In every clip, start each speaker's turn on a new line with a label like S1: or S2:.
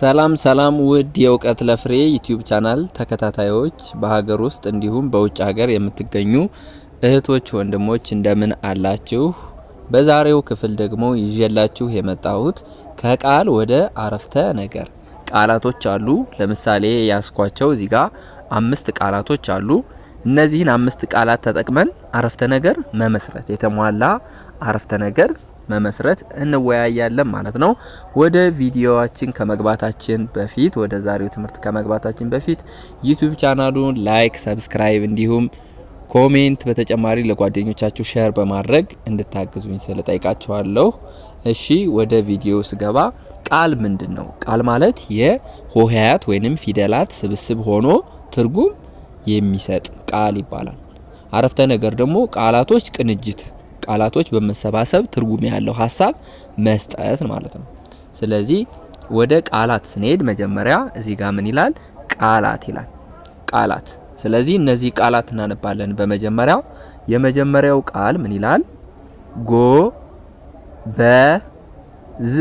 S1: ሰላም ሰላም ውድ የእውቀት ለፍሬ ዩቲዩብ ቻናል ተከታታዮች በሀገር ውስጥ እንዲሁም በውጭ ሀገር የምትገኙ እህቶች ወንድሞች እንደምን አላችሁ? በዛሬው ክፍል ደግሞ ይዤላችሁ የመጣሁት ከቃል ወደ አረፍተ ነገር ቃላቶች አሉ። ለምሳሌ ያስኳቸው እዚህ ጋር አምስት ቃላቶች አሉ። እነዚህን አምስት ቃላት ተጠቅመን አረፍተ ነገር መመስረት የተሟላ አረፍተ ነገር መመስረት እንወያያለን ማለት ነው። ወደ ቪዲዮችን ከመግባታችን በፊት ወደ ዛሬው ትምህርት ከመግባታችን በፊት ዩቲዩብ ቻናሉን ላይክ፣ ሰብስክራይብ እንዲሁም ኮሜንት በተጨማሪ ለጓደኞቻችሁ ሼር በማድረግ እንድታግዙኝ ስለጠይቃችኋለሁ። እሺ ወደ ቪዲዮ ስገባ ቃል ምንድን ነው? ቃል ማለት የሆሄያት ወይንም ፊደላት ስብስብ ሆኖ ትርጉም የሚሰጥ ቃል ይባላል። አረፍተ ነገር ደግሞ ቃላቶች ቅንጅት ቃላቶች በመሰባሰብ ትርጉም ያለው ሀሳብ መስጠት ማለት ነው። ስለዚህ ወደ ቃላት ስንሄድ መጀመሪያ እዚህ ጋር ምን ይላል? ቃላት ይላል። ቃላት። ስለዚህ እነዚህ ቃላት እናነባለን። በመጀመሪያው የመጀመሪያው ቃል ምን ይላል? ጎበዝ፣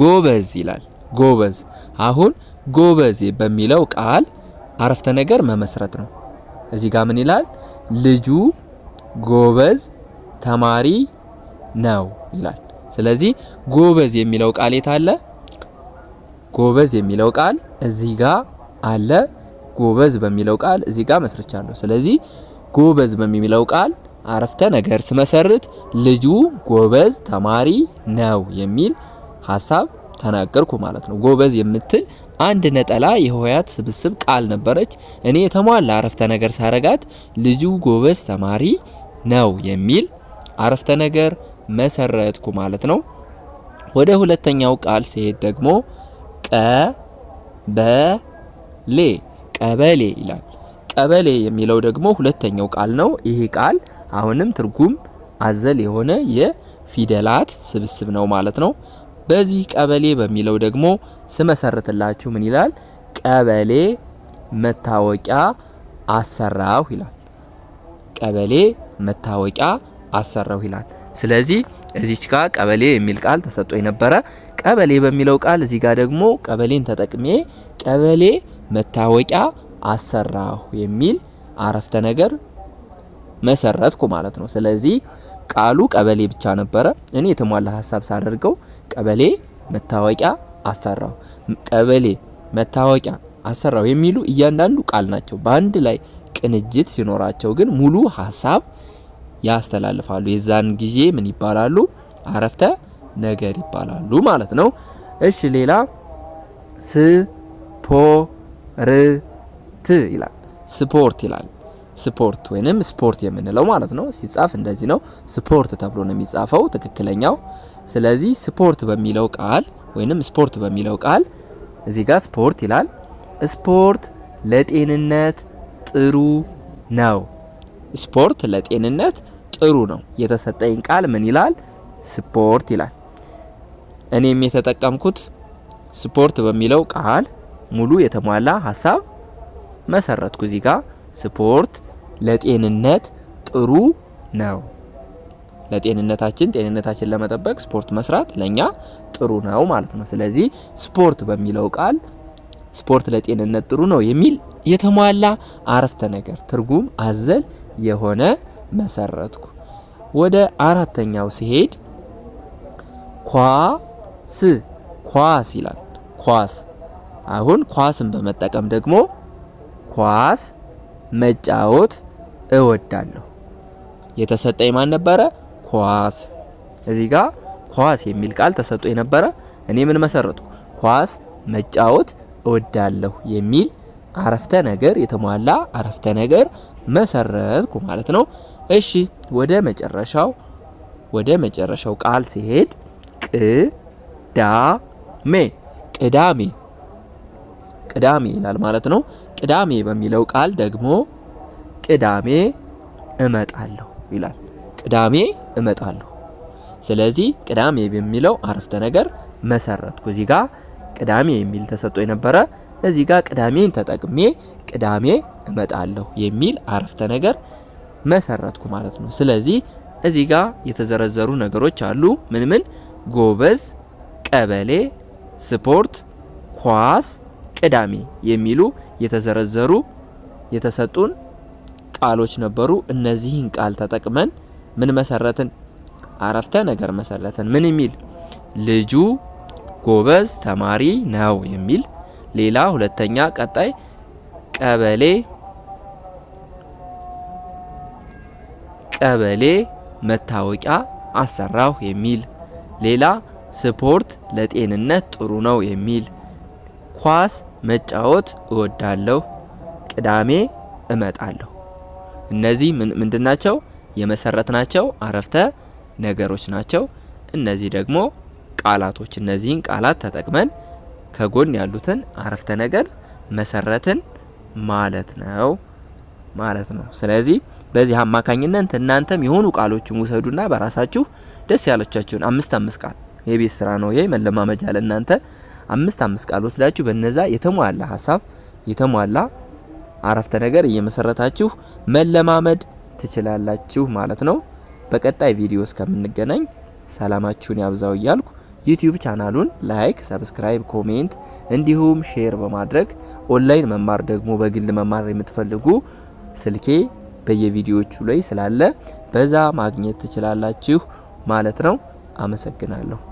S1: ጎበዝ ይላል። ጎበዝ። አሁን ጎበዝ በሚለው ቃል አረፍተ ነገር መመስረት ነው። እዚህ ጋር ምን ይላል? ልጁ ጎበዝ ተማሪ ነው ይላል። ስለዚህ ጎበዝ የሚለው ቃል የት አለ? ጎበዝ የሚለው ቃል እዚህ ጋር አለ። ጎበዝ በሚለው ቃል እዚህ ጋር መስርቻለሁ። ስለዚህ ጎበዝ በሚለው ቃል አረፍተ ነገር ስመሰርት ልጁ ጎበዝ ተማሪ ነው የሚል ሀሳብ ተናገርኩ ማለት ነው። ጎበዝ የምትል አንድ ነጠላ የሆሄያት ስብስብ ቃል ነበረች። እኔ የተሟላ አረፍተ ነገር ሳረጋት ልጁ ጎበዝ ተማሪ ነው የሚል አረፍተ ነገር መሰረትኩ ማለት ነው። ወደ ሁለተኛው ቃል ሲሄድ ደግሞ ቀበሌ ቀበሌ ይላል። ቀበሌ የሚለው ደግሞ ሁለተኛው ቃል ነው። ይሄ ቃል አሁንም ትርጉም አዘል የሆነ የፊደላት ስብስብ ነው ማለት ነው። በዚህ ቀበሌ በሚለው ደግሞ ስመሰርትላችሁ ምን ይላል? ቀበሌ መታወቂያ አሰራሁ ይላል። ቀበሌ መታወቂያ አሰራው ይላል። ስለዚህ እዚች ጋ ቀበሌ የሚል ቃል ተሰጥቶኝ የነበረ ቀበሌ በሚለው ቃል እዚህ ጋር ደግሞ ቀበሌን ተጠቅሜ ቀበሌ መታወቂያ አሰራሁ የሚል አረፍተ ነገር መሰረትኩ ማለት ነው። ስለዚህ ቃሉ ቀበሌ ብቻ ነበረ። እኔ የተሟላ ሀሳብ ሳደርገው ቀበሌ መታወቂያ አሰራሁ፣ ቀበሌ መታወቂያ አሰራሁ የሚሉ እያንዳንዱ ቃል ናቸው። በአንድ ላይ ቅንጅት ሲኖራቸው ግን ሙሉ ሀሳብ ያስተላልፋሉ። የዛን ጊዜ ምን ይባላሉ? አረፍተ ነገር ይባላሉ ማለት ነው። እሺ ሌላ ስፖርት ይላል። ስፖርት ይላል። ስፖርት ወይንም ስፖርት የምንለው ማለት ነው። ሲጻፍ እንደዚህ ነው። ስፖርት ተብሎ ነው የሚጻፈው ትክክለኛው። ስለዚህ ስፖርት በሚለው ቃል ወይንም ስፖርት በሚለው ቃል እዚህ ጋር ስፖርት ይላል። ስፖርት ለጤንነት ጥሩ ነው ስፖርት ለጤንነት ጥሩ ነው። የተሰጠኝ ቃል ምን ይላል? ስፖርት ይላል። እኔም የተጠቀምኩት ስፖርት በሚለው ቃል ሙሉ የተሟላ ሀሳብ መሰረትኩ። እዚህ ጋር ስፖርት ለጤንነት ጥሩ ነው። ለጤንነታችን ጤንነታችን ለመጠበቅ ስፖርት መስራት ለኛ ጥሩ ነው ማለት ነው። ስለዚህ ስፖርት በሚለው ቃል ስፖርት ለጤንነት ጥሩ ነው የሚል የተሟላ አረፍተ ነገር ትርጉም አዘል የሆነ መሰረትኩ። ወደ አራተኛው ሲሄድ ኳስ ኳስ ይላል። ኳስ አሁን ኳስን በመጠቀም ደግሞ ኳስ መጫወት እወዳለሁ። የተሰጠኝ ማን ነበረ? ኳስ። እዚህ ጋር ኳስ የሚል ቃል ተሰጦ የነበረ እኔ ምን መሰረቱ? ኳስ መጫወት እወዳለሁ የሚል አረፍተ ነገር የተሟላ አረፍተ ነገር መሰረትኩ ማለት ነው። እሺ ወደ መጨረሻው ወደ መጨረሻው ቃል ሲሄድ ቅዳሜ ቅዳሜ ቅዳሜ ይላል ማለት ነው። ቅዳሜ በሚለው ቃል ደግሞ ቅዳሜ እመጣለሁ ይላል። ቅዳሜ እመጣለሁ። ስለዚህ ቅዳሜ በሚለው አረፍተ ነገር መሰረትኩ። እዚህ ጋር ቅዳሜ የሚል ተሰጥቶ የነበረ እዚህ ጋር ቅዳሜን ተጠቅሜ ቅዳሜ እመጣለሁ የሚል አረፍተ ነገር መሰረትኩ ማለት ነው። ስለዚህ እዚህ ጋር የተዘረዘሩ ነገሮች አሉ። ምን ምን? ጎበዝ፣ ቀበሌ፣ ስፖርት፣ ኳስ፣ ቅዳሜ የሚሉ የተዘረዘሩ የተሰጡን ቃሎች ነበሩ። እነዚህን ቃል ተጠቅመን ምን መሰረትን? አረፍተ ነገር መሰረትን። ምን የሚል ልጁ ጎበዝ ተማሪ ነው የሚል ሌላ ሁለተኛ ቀጣይ ቀበሌ ቀበሌ መታወቂያ አሰራሁ የሚል ሌላ ስፖርት ለጤንነት ጥሩ ነው የሚል ኳስ መጫወት እወዳለሁ ቅዳሜ እመጣለሁ እነዚህ ምንድን ናቸው የመሰረት ናቸው አረፍተ ነገሮች ናቸው እነዚህ ደግሞ ቃላቶች እነዚህን ቃላት ተጠቅመን ከጎን ያሉትን አረፍተ ነገር መሰረትን ማለት ነው ማለት ነው። ስለዚህ በዚህ አማካኝነት እናንተም የሆኑ ቃሎችን ውሰዱና በራሳችሁ ደስ ያለቻችሁን አምስት አምስት ቃል የቤት ስራ ነው ይሄ መለማመጃ ለእናንተ አምስት አምስት ቃል ወስዳችሁ በነዛ የተሟላ ሀሳብ የተሟላ አረፍተ ነገር እየመሰረታችሁ መለማመድ ትችላላችሁ ማለት ነው። በቀጣይ ቪዲዮ እስከምንገናኝ ሰላማችሁን ያብዛው እያልኩ ዩቲዩብ ቻናሉን ላይክ፣ ሰብስክራይብ፣ ኮሜንት እንዲሁም ሼር በማድረግ ኦንላይን መማር ደግሞ በግል መማር የምትፈልጉ ስልኬ በየቪዲዮቹ ላይ ስላለ በዛ ማግኘት ትችላላችሁ ማለት ነው። አመሰግናለሁ።